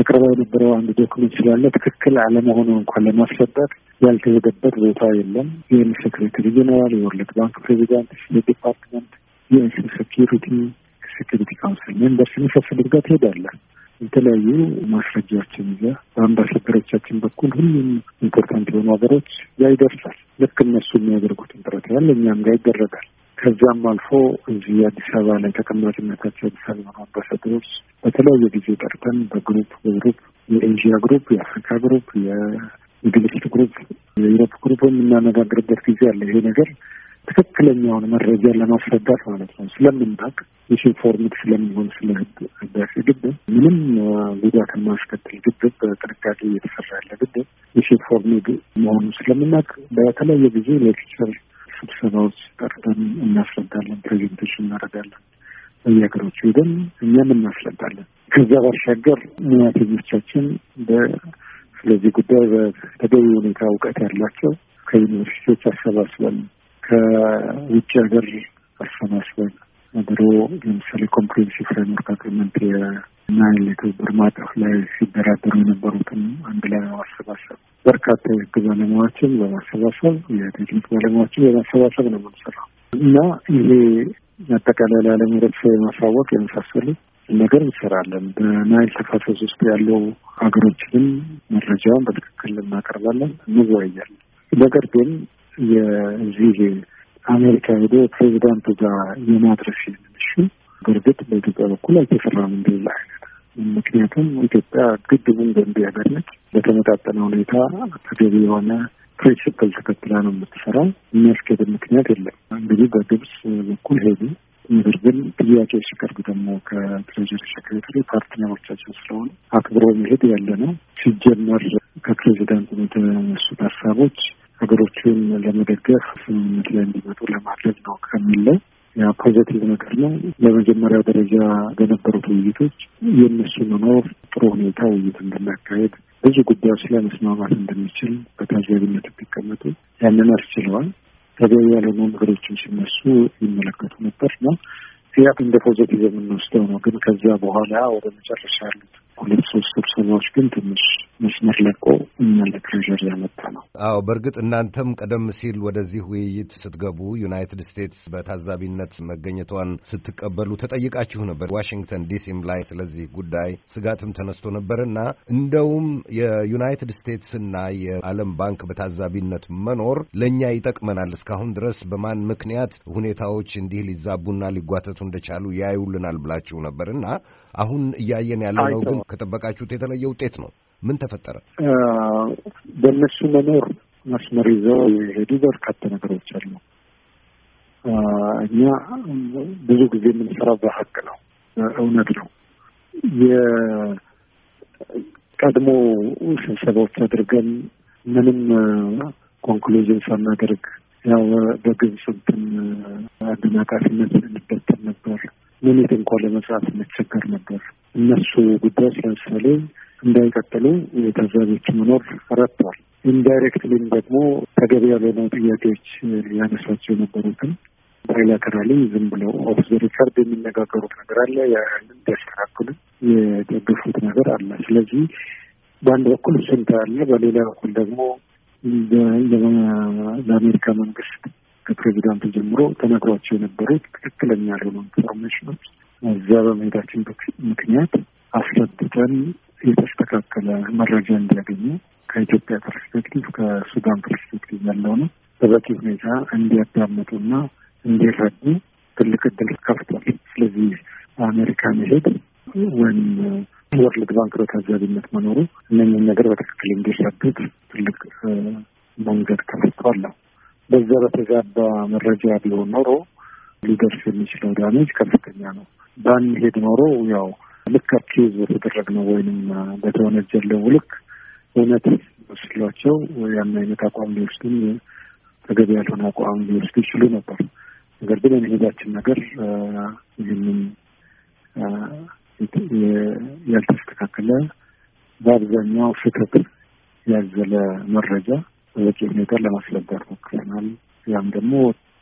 አቅርባ የነበረው አንድ ዶክመንት ስላለ ትክክል አለመሆኑ እንኳን ለማስረዳት ያልተሄደበት ቦታ የለም። ይህን ሴክሬታሪ ጀነራል፣ የወርልድ ባንክ ፕሬዚዳንት፣ የዲፓርትመንት የእስል ሴኪሪቲ ሴኪሪቲ ካውንስል ሜምበርስ የመሳሰሉት ጋር ትሄዳለህ የተለያዩ ማስረጃዎችን ይዘ በአምባሳደሮቻችን በኩል ሁሉም ኢምፖርታንት የሆኑ ሀገሮች ጋር ይደርሳል። ልክ እነሱ የሚያደርጉትን ጥረት ያለ እኛም ጋር ይደረጋል። ከዚያም አልፎ እዚህ አዲስ አበባ ላይ ተቀማጭነታቸው አዲስ አበባ አምባሳደሮች በተለያየ ጊዜ ጠርተን በግሩፕ በግሩፕ የኤዥያ ግሩፕ፣ የአፍሪካ ግሩፕ፣ የሚድልስት ግሩፕ፣ የዩሮፕ ግሩፕ የምናነጋግርበት ጊዜ አለ። ይሄ ነገር ትክክለኛውን መረጃ ለማስረዳት ማለት ነው ስለምናቅ ሚስኢንፎርምድ ስለሚሆን ስለ ህዳሴ ግድብ ምንም ጉዳትን ማስከትል ግድብ በጥንቃቄ እየተሰራ ያለ ግድብ ሚስኢንፎርምድ መሆኑ ስለምናቅ በተለያየ ጊዜ ሌክቸር ስብሰባዎች ጠርተን እናስረዳለን፣ ፕሬዘንቴሽን እናደርጋለን። በየሀገሮች ሄደን እኛም እናስረዳለን። ከዛ ባሻገር ሙያተኞቻችን ስለዚህ ጉዳይ በተገቢ ሁኔታ እውቀት ያላቸው ከዩኒቨርሲቲዎች አሰባስበን ከውጭ ሀገር አሰባስበን ጨምሮ ለምሳሌ ኮምፕሬንሲቭ ፍሬምወርክ አግሪመንት እና የትብብር ማዕቀፍ ላይ ሲደራደሩ የነበሩትም አንድ ላይ በማሰባሰብ በርካታ የህግ ባለሙያዎችን በማሰባሰብ የቴክኒክ ባለሙያዎችን በማሰባሰብ ነው የምንሰራው እና ይሄ አጠቃላይ ለዓለም ህብረተሰብ የማሳወቅ የመሳሰሉ ነገር እንሰራለን። በናይል ተፋሰስ ውስጥ ያለው ሀገሮችንም መረጃውን በትክክል እናቀርባለን፣ እንወያያለን። ነገር ግን የዚህ አሜሪካ ሄዶ ፕሬዚዳንቱ ጋር የማድረስ የምንሹ በእርግጥ በኢትዮጵያ በኩል አልተሰራም እንደዛ አይነት ምክንያቱም ኢትዮጵያ ግድቡን ገንቢ ሀገር ነች። በተመጣጠነ ሁኔታ ተገቢ የሆነ ፕሪንሲፕል ተከትላ ነው የምትሰራው። የሚያስኬድ ምክንያት የለም። እንግዲህ በግብጽ በኩል ሄዱ። ነገር ግን ጥያቄ ሲቀርብ ደግሞ ከትሬጀሪ ሴክሬታሪ ፓርትነሮቻቸው ስለሆነ አክብሮ መሄድ ያለ ነው። ሲጀመር ከፕሬዚዳንቱ የተነሱት ሀሳቦች ነገሮችን ለመደገፍ ስምምነት ላይ እንዲመጡ ለማድረግ ነው ከሚል ላይ ያ ፖዘቲቭ ነገር ነው። ለመጀመሪያ ደረጃ በነበሩት ውይይቶች የእነሱ መኖር ጥሩ ሁኔታ ውይይት እንድናካሄድ ብዙ ጉዳዮች ላይ መስማማት እንደሚችል በታዛቢነት እንዲቀመጡ ያንን አስችለዋል። ተገቢ ያልሆኑ ነገሮችን ሲነሱ ይመለከቱ ነበር ነው ያ እንደ ፖዘቲቭ የምንወስደው ነው። ግን ከዚያ በኋላ ወደ መጨረሻ ያሉት ሁለት ሶስት ስብሰባዎች ግን ትንሽ መስመር ለቆ እኛን ያመጣ ነው። አዎ በእርግጥ እናንተም ቀደም ሲል ወደዚህ ውይይት ስትገቡ ዩናይትድ ስቴትስ በታዛቢነት መገኘቷን ስትቀበሉ ተጠይቃችሁ ነበር ዋሽንግተን ዲሲም ላይ ስለዚህ ጉዳይ ስጋትም ተነስቶ ነበር እና እንደውም የዩናይትድ ስቴትስና የዓለም ባንክ በታዛቢነት መኖር ለእኛ ይጠቅመናል፣ እስካሁን ድረስ በማን ምክንያት ሁኔታዎች እንዲህ ሊዛቡና ሊጓተቱ እንደቻሉ ያዩልናል ብላችሁ ነበር እና አሁን እያየን ያለነው ግን ከጠበቃችሁት የተለየ ውጤት ነው። ምን ተፈጠረ? በእነሱ መኖር መስመር ይዘው የሄዱ በርካታ ነገሮች አሉ። እኛ ብዙ ጊዜ የምንሰራው በሀቅ ነው፣ እውነት ነው። የቀድሞ ስብሰባዎች አድርገን ምንም ኮንክሉዥን ሳናደርግ ያው በግብጽ እንትን አደናቃፊነት እንበተን ነበር። ሊሚት እንኳን ለመስራት እንቸገር ነበር። እነሱ ጉዳዮች ለምሳሌ እንዳይቀጥሉ የታዛቢዎች መኖር ረድተዋል። ኢንዳይሬክትሊም ደግሞ ተገቢ ያልሆነው ጥያቄዎች ያነሷቸው የነበሩትን ባይላተራሊ ዝም ብለው ኦፍ ዘ ሪከርድ የሚነጋገሩት ነገር አለ። ያንን እንዲያስተካክሉ የደገፉት ነገር አለ። ስለዚህ በአንድ በኩል ስንት አለ፣ በሌላ በኩል ደግሞ ለአሜሪካ መንግስት ከፕሬዚዳንቱ ጀምሮ ተነግሯቸው የነበሩት ትክክለኛ ያልሆኑ ኢንፎርሜሽኖች እዚያ በመሄዳችን ምክንያት አስረድተን የተስተካከለ መረጃ እንዲያገኙ ከኢትዮጵያ ፐርስፔክቲቭ ከሱዳን ፐርስፔክቲቭ ያለው ነው በበቂ ሁኔታ እንዲያዳምጡና እንዲረዱ ትልቅ እድል ከፍቷል። ስለዚህ አሜሪካ መሄድ ወይም ወርልድ ባንክ በታዛቢነት መኖሩ እነኝን ነገር በትክክል እንዲረዱት ትልቅ መንገድ ከፍቷል በዛ በተዛባ መረጃ ቢሆን ኖሮ ሊደርስ የሚችለው ዳሜጅ ከፍተኛ ነው። ባንሄድ ኖሮ ያው ልክ አኪዝ በተደረግነው ወይም በተወነጀለው ልክ እውነት መስሏቸው ያን አይነት አቋም ሊወስዱም ተገቢ ያልሆነ አቋም ሊወስዱ ይችሉ ነበር። ነገር ግን የመሄዳችን ነገር ይህንን ያልተስተካከለ በአብዛኛው ስህተት ያዘለ መረጃ በበቂ ሁኔታ ለማስለጋት ሞክረናል። ያም ደግሞ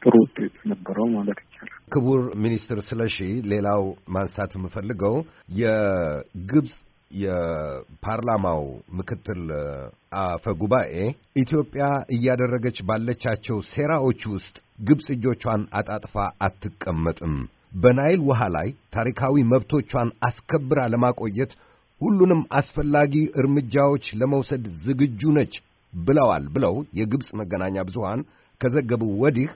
ጥሩ ውጤት ነበረው ማለት ይቻላል። ክቡር ሚኒስትር ስለሺ፣ ሌላው ማንሳት የምፈልገው የግብጽ የፓርላማው ምክትል አፈ ጉባኤ ኢትዮጵያ እያደረገች ባለቻቸው ሴራዎች ውስጥ ግብጽ እጆቿን አጣጥፋ አትቀመጥም፣ በናይል ውሃ ላይ ታሪካዊ መብቶቿን አስከብራ ለማቆየት ሁሉንም አስፈላጊ እርምጃዎች ለመውሰድ ዝግጁ ነች ብለዋል ብለው የግብፅ መገናኛ ብዙሃን ከዘገቡ ወዲህ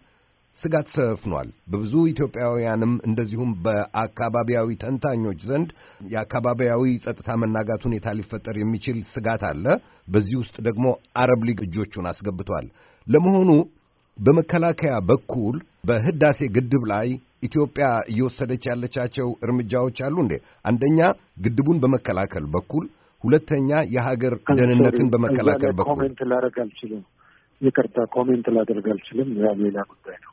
ስጋት ሰፍኗል። በብዙ ኢትዮጵያውያንም እንደዚሁም በአካባቢያዊ ተንታኞች ዘንድ የአካባቢያዊ ጸጥታ መናጋት ሁኔታ ሊፈጠር የሚችል ስጋት አለ። በዚህ ውስጥ ደግሞ አረብ ሊግ እጆቹን አስገብቷል። ለመሆኑ በመከላከያ በኩል በህዳሴ ግድብ ላይ ኢትዮጵያ እየወሰደች ያለቻቸው እርምጃዎች አሉ እንዴ? አንደኛ ግድቡን በመከላከል በኩል ሁለተኛ የሀገር ደህንነትን በመከላከል በኩል ኮሜንት ላደርግ አልችልም። ይቅርታ ኮሜንት ላደርግ አልችልም። ያ ሌላ ጉዳይ ነው።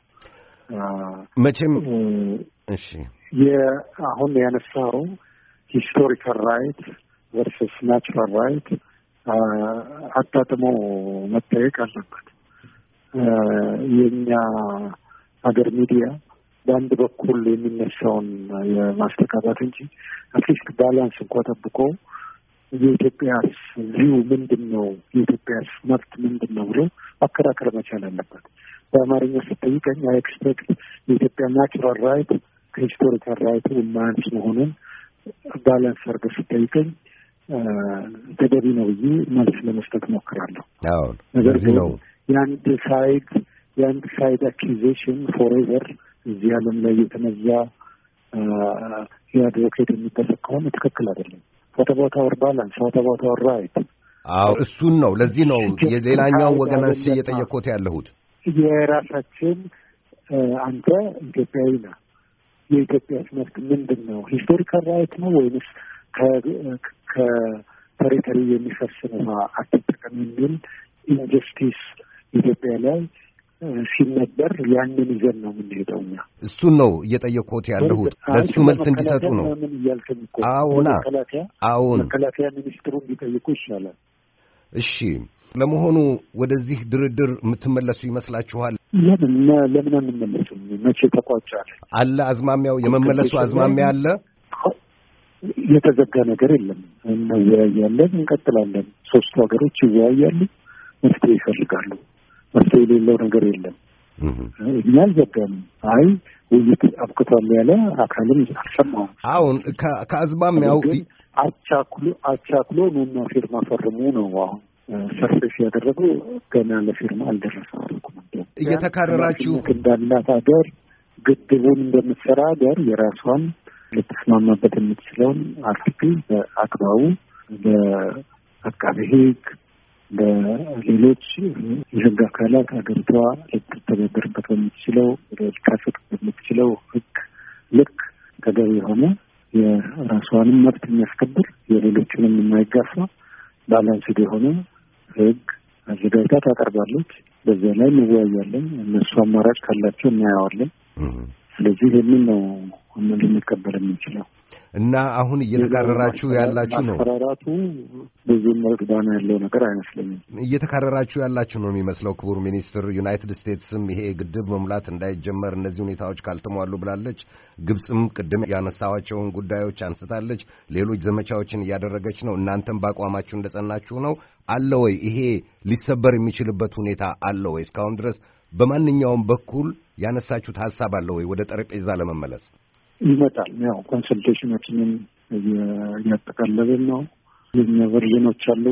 መቼም እሺ፣ አሁን ያነሳው ሂስቶሪካል ራይት ቨርስስ ናቹራል ራይት አጣጥሞ መታየቅ አለበት። የእኛ ሀገር ሚዲያ በአንድ በኩል የሚነሳውን የማስተካባት እንጂ አትሊስት ባላንስ እንኳ ጠብቆ የኢትዮጵያስ ቪው ምንድን ነው? የኢትዮጵያስ መብት ምንድን ነው ብሎ ማከራከር መቻል አለበት። በአማርኛ ስጠይቀኝ አይ ኤክስፔክት የኢትዮጵያ ናቹራል ራይት ከሂስቶሪካል ራይት የማያንስ መሆኑን ባላንስ አድርገህ ስጠይቀኝ ተገቢ ነው ብዬ መልስ ለመስጠት ሞክራለሁ። ነገር ግን የአንድ ሳይድ የአንድ ሳይድ አኪዜሽን ፎሬቨር እዚህ ዓለም ላይ የተነዛ የአድቮኬት የሚደረግ ከሆነ ትክክል አይደለም። ወተቦታ ወር ባላንስ ወተቦታ ወር ራይት። አዎ እሱን ነው። ለዚህ ነው የሌላኛው ወገን አንስቼ እየጠየቅኩት ያለሁት። የራሳችን አንተ ኢትዮጵያዊ ነህ፣ የኢትዮጵያ መብት ምንድን ነው? ሂስቶሪካል ራይት ነው ወይንስ ከቴሪተሪ የሚፈስን ውሃ አትጠቀም የሚል ኢንጀስቲስ ኢትዮጵያ ላይ ሲነበር ያንን ይዘን ነው የምንሄደው እኛ። እሱን ነው እየጠየቅኩት ያለሁት ለእሱ መልስ እንዲሰጡ ነው። ምን እያልከኝ እኮ አዎና፣ አዎን መከላከያ ሚኒስትሩ እንዲጠይቁ ይሻላል። እሺ፣ ለመሆኑ ወደዚህ ድርድር የምትመለሱ ይመስላችኋል? ለምን ለምን አንመለሱም? መቼ ተቋጫል? አለ አዝማሚያው፣ የመመለሱ አዝማሚያ አለ። የተዘጋ ነገር የለም። እናወያያለን፣ እንቀጥላለን። ሶስቱ ሀገሮች ይወያያሉ፣ መፍትሄ ይፈልጋሉ። መፍትሄ የሌለው ነገር የለም። እኛ አልዘጋንም። አይ ውይይት አብቅቷል ያለ አካልም አልሰማሁም። አሁን ከአዝማም ያው አቻክሎ አቻክሎ ኑና ፊርማ ፈርሙ ነው አሁን ሰርፌስ ያደረጉ ገና ለፊርማ አልደረሰም። እየተካረራችሁ እንዳላት ሀገር ግድቡን እንደምትሰራ ሀገር የራሷን ልትስማማበት የምትችለውን አስቢ በአግባቡ በአቃቤ ሕግ በሌሎች የህግ አካላት አገሪቷ ልትተዳደርበት በምትችለው ልትካፈት በምትችለው ህግ ልክ ተገቢ የሆነ የራሷንም መብት የሚያስከብር የሌሎችንም የማይጋፋ ባላንስድ የሆነ ህግ አዘጋጅታ ታቀርባለች። በዚያ ላይ እንወያያለን። እነሱ አማራጭ ካላቸው እናየዋለን። ስለዚህ ይህንን ነው ልንቀበል የምንችለው። እና አሁን እየተካረራችሁ ያላችሁ ነው። ማስፈራራቱ ብዙም እርግባና ያለው ነገር አይመስለኝም። እየተካረራችሁ ያላችሁ ነው የሚመስለው። ክቡር ሚኒስትር፣ ዩናይትድ ስቴትስም ይሄ ግድብ መሙላት እንዳይጀመር እነዚህ ሁኔታዎች ካልተሟሉ ብላለች። ግብፅም ቅድም ያነሳዋቸውን ጉዳዮች አንስታለች። ሌሎች ዘመቻዎችን እያደረገች ነው። እናንተም በአቋማችሁ እንደጸናችሁ ነው አለ ወይ? ይሄ ሊሰበር የሚችልበት ሁኔታ አለ ወይ? እስካሁን ድረስ በማንኛውም በኩል ያነሳችሁት ሀሳብ አለ ወይ? ወደ ጠረጴዛ ለመመለስ ይመጣል። ያው ኮንሰልቴሽኖችንም እያጠቃለልን ነው። የኛ ቨርዥኖች አሉ፣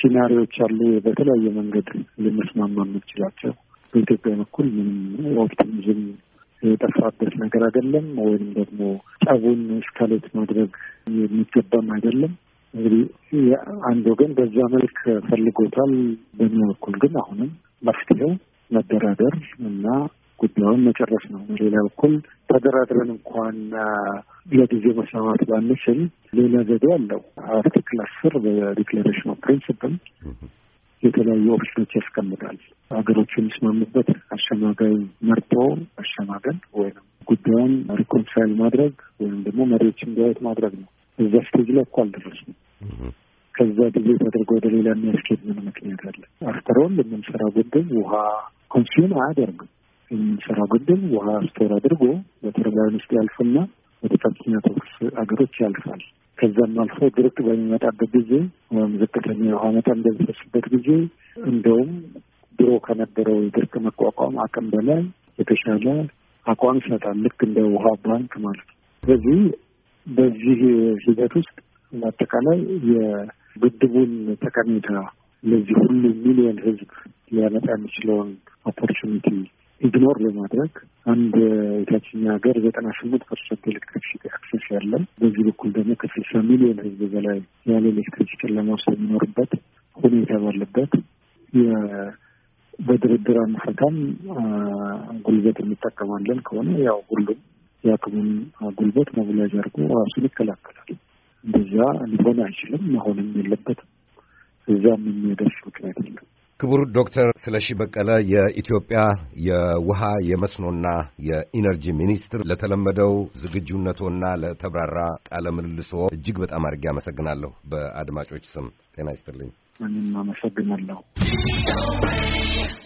ሲናሪዎች አሉ። በተለያየ መንገድ ልንስማማ የምንችላቸው በኢትዮጵያ በኩል ምንም ኦፕቲሚዝም የጠፋበት ነገር አይደለም፣ ወይም ደግሞ ጸቡን እስካሌት ማድረግ የሚገባም አይደለም። እንግዲህ አንድ ወገን በዛ መልክ ፈልጎታል። በእኛ በኩል ግን አሁንም መፍትሄው መደራደር እና ጉዳዩን መጨረስ ነው። በሌላ በኩል ተደራድረን እንኳን ለጊዜው መስማማት ባንችል ሌላ ዘዴ አለው። አርቲክል አስር በዲክሌሬሽን ኦፍ ፕሪንስፕል የተለያዩ ኦፕሽኖች ያስቀምጣል። ሀገሮች የሚስማሙበት አሸማጋይ መርጦ አሸማገን ወይም ጉዳዩን ሪኮንሳይል ማድረግ ወይም ደግሞ መሪዎች እንዲያዩት ማድረግ ነው። እዛ ስቴጅ ላይ እኮ አልደረስንም። ከዛ ጊዜ ተደርጎ ወደ ሌላ የሚያስኬድ ምን ምክንያት አለ? አፍተሮል የምንሰራው ጉዳይ ውሃ ኮንሱም አያደርግም። የሚሰራ ግድብ ውሃ ስቶር አድርጎ በተርባይን ውስጥ ያልፍና ወደ ታችኛ ተፋሰስ አገሮች ያልፋል። ከዛም አልፎ ድርቅ በሚመጣበት ጊዜ ወይም ዝቅተኛ የውሃ መጠን በሚፈስበት ጊዜ እንደውም ድሮ ከነበረው የድርቅ መቋቋም አቅም በላይ የተሻለ አቋም ይሰጣል። ልክ እንደ ውሃ ባንክ ማለት ነው። ስለዚህ በዚህ ሂደት ውስጥ በአጠቃላይ የግድቡን ጠቀሜታ ለዚህ ሁሉ ሚሊዮን ሕዝብ ሊያመጣ የሚችለውን ኦፖርቹኒቲ ኢግኖር ለማድረግ አንድ የታችኛ ሀገር ዘጠና ስምንት ፐርሰንት ኤሌክትሪክሲቲ አክሰስ ያለን በዚህ በኩል ደግሞ ከስልሳ ሚሊዮን ህዝብ በላይ ያለ ኤሌክትሪክሲቲ ለማውሰብ የሚኖርበት ሁኔታ ባለበት በድርድር አንፈታም፣ ጉልበት እንጠቀማለን ከሆነ ያው ሁሉም የአቅሙን ጉልበት መብላጅ አድርጎ ራሱን ይከላከላል። እንደዚያ ሊሆን አይችልም፣ መሆንም የለበትም። እዛም የሚያደርስ ምክንያት የለም። ክቡር ዶክተር ስለሺ በቀለ የኢትዮጵያ የውሃ የመስኖና የኢነርጂ ሚኒስትር፣ ለተለመደው ዝግጁነቶና ለተብራራ ቃለ ምልልሶ እጅግ በጣም አድርጌ አመሰግናለሁ። በአድማጮች ስም ጤና ይስጥልኝ። እኔም አመሰግናለሁ።